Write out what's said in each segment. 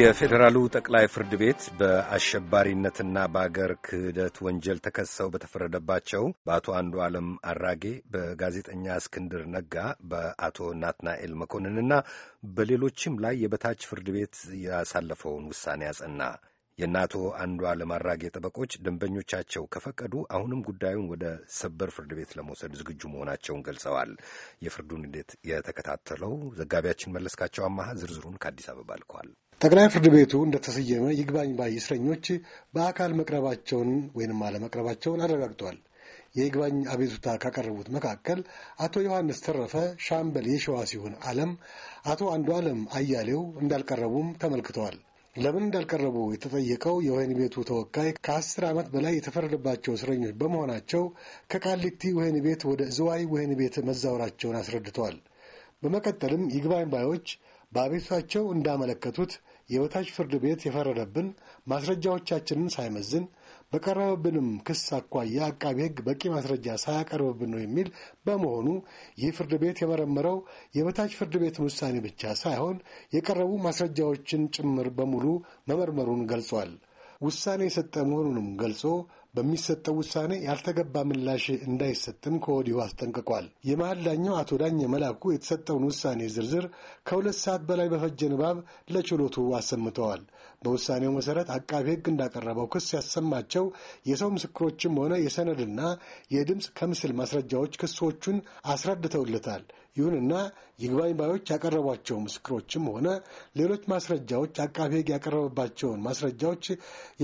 የፌዴራሉ ጠቅላይ ፍርድ ቤት በአሸባሪነትና በአገር ክህደት ወንጀል ተከሰው በተፈረደባቸው በአቶ አንዱ ዓለም አራጌ፣ በጋዜጠኛ እስክንድር ነጋ፣ በአቶ ናትናኤል መኮንንና በሌሎችም ላይ የበታች ፍርድ ቤት ያሳለፈውን ውሳኔ አጸና። የእነ አቶ አንዱ ዓለም አራጌ ጠበቆች ደንበኞቻቸው ከፈቀዱ አሁንም ጉዳዩን ወደ ሰበር ፍርድ ቤት ለመውሰድ ዝግጁ መሆናቸውን ገልጸዋል። የፍርዱን ሂደት የተከታተለው ዘጋቢያችን መለስካቸው አማሃ ዝርዝሩን ከአዲስ አበባ ልኳል። ጠቅላይ ፍርድ ቤቱ እንደተሰየመ ይግባኝ ባይ እስረኞች በአካል መቅረባቸውን ወይንም አለመቅረባቸውን አረጋግጧል። የይግባኝ አቤቱታ ካቀረቡት መካከል አቶ ዮሐንስ ተረፈ፣ ሻምበል የሸዋ ሲሆን አለም፣ አቶ አንዱ አለም አያሌው እንዳልቀረቡም ተመልክተዋል። ለምን እንዳልቀረቡ የተጠየቀው የወህኒ ቤቱ ተወካይ ከአስር ዓመት በላይ የተፈረደባቸው እስረኞች በመሆናቸው ከቃሊቲ ወህኒ ቤት ወደ ዝዋይ ወህኒ ቤት መዛወራቸውን አስረድተዋል። በመቀጠልም ይግባኝ ባዮች በአቤቱታቸው እንዳመለከቱት የበታች ፍርድ ቤት የፈረደብን ማስረጃዎቻችንን ሳይመዝን በቀረበብንም ክስ አኳያ አቃቤ ሕግ በቂ ማስረጃ ሳያቀርብብን ነው የሚል በመሆኑ ይህ ፍርድ ቤት የመረመረው የበታች ፍርድ ቤትን ውሳኔ ብቻ ሳይሆን የቀረቡ ማስረጃዎችን ጭምር በሙሉ መመርመሩን ገልጿል። ውሳኔ የሰጠ መሆኑንም ገልጾ በሚሰጠው ውሳኔ ያልተገባ ምላሽ እንዳይሰጥም ከወዲሁ አስጠንቅቋል። የመሀል ዳኛው አቶ ዳኘ መላኩ የተሰጠውን ውሳኔ ዝርዝር ከሁለት ሰዓት በላይ በፈጀ ንባብ ለችሎቱ አሰምተዋል። በውሳኔው መሰረት አቃቢ ሕግ እንዳቀረበው ክስ ያሰማቸው የሰው ምስክሮችም ሆነ የሰነድና የድምፅ ከምስል ማስረጃዎች ክሶቹን አስረድተውለታል። ይሁንና ይግባኝ ባዮች ያቀረቧቸው ምስክሮችም ሆነ ሌሎች ማስረጃዎች አቃቤ ሕግ ያቀረበባቸውን ማስረጃዎች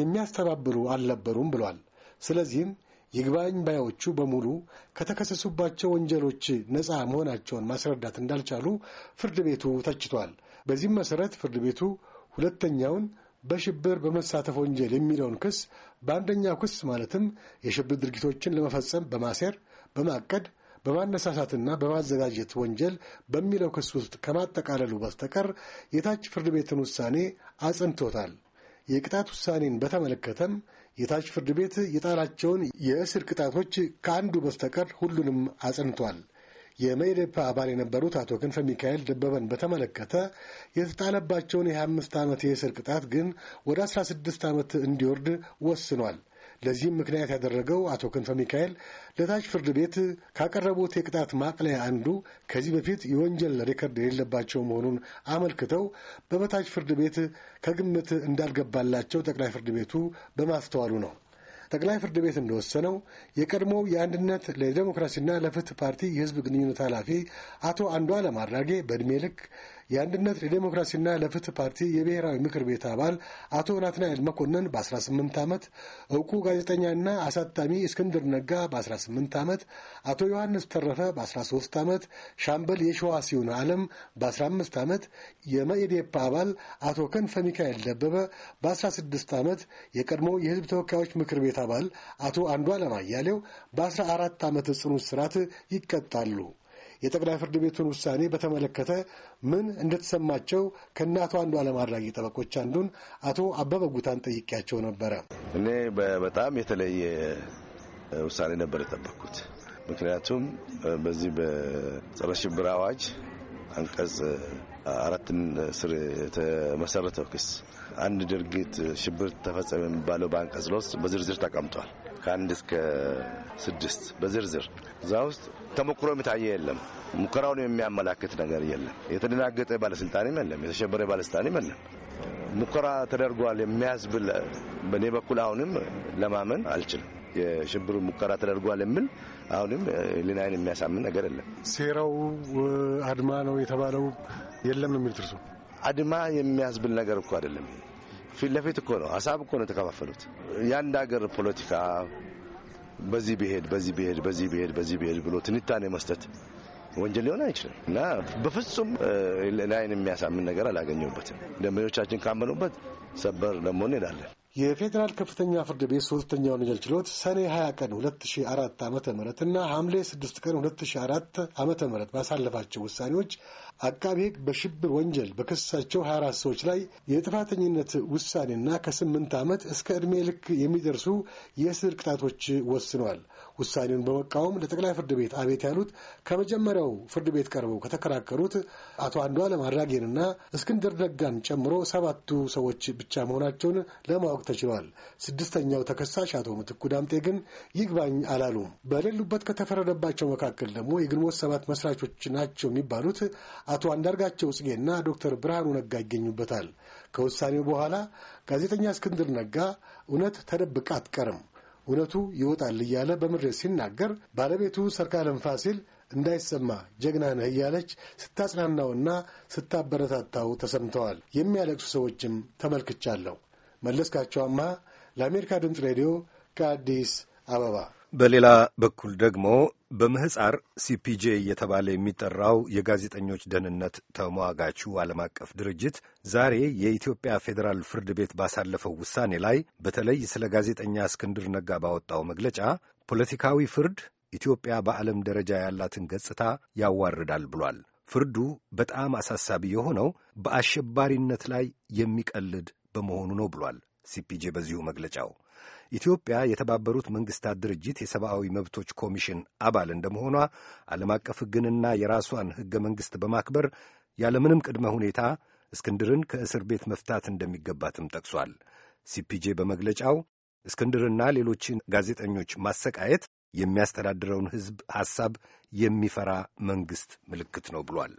የሚያስተባብሉ አልነበሩም ብሏል። ስለዚህም ይግባኝ ባዮቹ በሙሉ ከተከሰሱባቸው ወንጀሎች ነፃ መሆናቸውን ማስረዳት እንዳልቻሉ ፍርድ ቤቱ ተችቷል። በዚህም መሠረት ፍርድ ቤቱ ሁለተኛውን በሽብር በመሳተፍ ወንጀል የሚለውን ክስ በአንደኛው ክስ ማለትም የሽብር ድርጊቶችን ለመፈጸም በማሴር በማቀድ በማነሳሳትና በማዘጋጀት ወንጀል በሚለው ክስ ውስጥ ከማጠቃለሉ በስተቀር የታች ፍርድ ቤትን ውሳኔ አጽንቶታል። የቅጣት ውሳኔን በተመለከተም የታች ፍርድ ቤት የጣላቸውን የእስር ቅጣቶች ከአንዱ በስተቀር ሁሉንም አጽንቷል። የመኢዴፓ አባል የነበሩት አቶ ክንፈ ሚካኤል ደበበን በተመለከተ የተጣለባቸውን የ25 ዓመት የእስር ቅጣት ግን ወደ 16 ዓመት እንዲወርድ ወስኗል። ለዚህም ምክንያት ያደረገው አቶ ክንፈ ሚካኤል ለታች ፍርድ ቤት ካቀረቡት የቅጣት ማቅለያ አንዱ ከዚህ በፊት የወንጀል ሬከርድ የሌለባቸው መሆኑን አመልክተው በበታች ፍርድ ቤት ከግምት እንዳልገባላቸው ጠቅላይ ፍርድ ቤቱ በማስተዋሉ ነው። ጠቅላይ ፍርድ ቤት እንደወሰነው የቀድሞው የአንድነት ለዲሞክራሲና ለፍትህ ፓርቲ የህዝብ ግንኙነት ኃላፊ አቶ አንዷለም አራጌ በዕድሜ ልክ የአንድነት ለዴሞክራሲና ለፍትህ ፓርቲ የብሔራዊ ምክር ቤት አባል አቶ ናትናኤል መኮንን በ18 ዓመት፣ እውቁ ጋዜጠኛና አሳታሚ እስክንድር ነጋ በ18 ዓመት፣ አቶ ዮሐንስ ተረፈ በ13 ዓመት፣ ሻምበል የሸዋ ሲሆን ዓለም በ15 ዓመት፣ የመኢዴፓ አባል አቶ ክንፈ ሚካኤል ደበበ በ16 ዓመት፣ የቀድሞ የህዝብ ተወካዮች ምክር ቤት አባል አቶ አንዷለም አያሌው በ14 ዓመት ጽኑ እስራት ይቀጣሉ። የጠቅላይ ፍርድ ቤቱን ውሳኔ በተመለከተ ምን እንደተሰማቸው ከእነ አቶ አለማድራጊ ጠበቆች አንዱን አቶ አበበ ጉታን ጠይቄያቸው ነበረ። እኔ በጣም የተለየ ውሳኔ ነበር የጠበቅኩት። ምክንያቱም በዚህ በጸረ ሽብር አዋጅ አንቀጽ አራትን ስር የተመሰረተው ክስ አንድ ድርጊት ሽብር ተፈጸመ የሚባለው በአንቀጽ ውስጥ በዝርዝር ተቀምጧል። ከአንድ እስከ ስድስት በዝርዝር እዛ ውስጥ ተሞክሮ የሚታየ የለም። ሙከራውን የሚያመላክት ነገር የለም። የተደናገጠ ባለስልጣንም የለም። የተሸበረ ባለስልጣንም የለም። ሙከራ ተደርጓል የሚያስብል በእኔ በኩል አሁንም ለማመን አልችልም። የሽብር ሙከራ ተደርጓል የሚል አሁንም ሊናይን የሚያሳምን ነገር የለም። ሴራው አድማ ነው የተባለው የለም ነው የሚል አድማ የሚያስብል ነገር እኮ አይደለም። ፊት ለፊት እኮ ነው፣ ሀሳብ እኮ ነው የተከፋፈሉት። የአንድ ሀገር ፖለቲካ በዚህ ብሄድ በዚህ ብሄድ በዚህ ብሄድ በዚህ ብሄድ ብሎ ትንታኔ መስጠት ወንጀል ሊሆን አይችልም እና በፍጹም ላይን የሚያሳምን ነገር አላገኘሁበትም። ደንበኞቻችን ካመኑበት ሰበር ደግሞ እንሄዳለን። የፌዴራል ከፍተኛ ፍርድ ቤት ሶስተኛ ወንጀል ችሎት ሰኔ 20 ቀን 2004 ዓ ም እና ሐምሌ 6 ቀን 2004 ዓ ም ባሳለፋቸው ውሳኔዎች አቃቤ ሕግ በሽብር ወንጀል በከሳቸው 24 ሰዎች ላይ የጥፋተኝነት ውሳኔና ከስምንት ዓመት እስከ ዕድሜ ልክ የሚደርሱ የእስር ቅጣቶች ወስኗል። ውሳኔውን በመቃወም ለጠቅላይ ፍርድ ቤት አቤት ያሉት ከመጀመሪያው ፍርድ ቤት ቀርበው ከተከራከሩት አቶ አንዷለም አራጌንና እስክንድር ነጋን ጨምሮ ሰባቱ ሰዎች ብቻ መሆናቸውን ለማወቅ ተችሏል። ስድስተኛው ተከሳሽ አቶ ምትኩ ዳምጤ ግን ይግባኝ አላሉም። በሌሉበት ከተፈረደባቸው መካከል ደግሞ የግንቦት ሰባት መስራቾች ናቸው የሚባሉት አቶ አንዳርጋቸው ጽጌና ዶክተር ብርሃኑ ነጋ ይገኙበታል። ከውሳኔው በኋላ ጋዜጠኛ እስክንድር ነጋ እውነት ተደብቃ አትቀርም፣ እውነቱ ይወጣል እያለ በመድረስ ሲናገር ባለቤቱ ሰርካለም ፋሲል እንዳይሰማ ጀግና ነህ እያለች ስታጽናናውና ስታበረታታው ተሰምተዋል። የሚያለቅሱ ሰዎችም ተመልክቻለሁ። መለስካቸው አማሃ ለአሜሪካ ድምፅ ሬዲዮ ከአዲስ አበባ። በሌላ በኩል ደግሞ በምህፃር ሲፒጄ እየተባለ የሚጠራው የጋዜጠኞች ደህንነት ተሟጋቹ ዓለም አቀፍ ድርጅት ዛሬ የኢትዮጵያ ፌዴራል ፍርድ ቤት ባሳለፈው ውሳኔ ላይ በተለይ ስለ ጋዜጠኛ እስክንድር ነጋ ባወጣው መግለጫ ፖለቲካዊ ፍርድ ኢትዮጵያ በዓለም ደረጃ ያላትን ገጽታ ያዋርዳል ብሏል። ፍርዱ በጣም አሳሳቢ የሆነው በአሸባሪነት ላይ የሚቀልድ በመሆኑ ነው ብሏል ሲፒጄ በዚሁ መግለጫው ኢትዮጵያ የተባበሩት መንግስታት ድርጅት የሰብአዊ መብቶች ኮሚሽን አባል እንደመሆኗ ዓለም አቀፍ ሕግንና የራሷን ሕገ መንግሥት በማክበር ያለምንም ቅድመ ሁኔታ እስክንድርን ከእስር ቤት መፍታት እንደሚገባትም ጠቅሷል። ሲፒጄ በመግለጫው እስክንድርና ሌሎችን ጋዜጠኞች ማሰቃየት የሚያስተዳድረውን ሕዝብ ሐሳብ የሚፈራ መንግሥት ምልክት ነው ብሏል።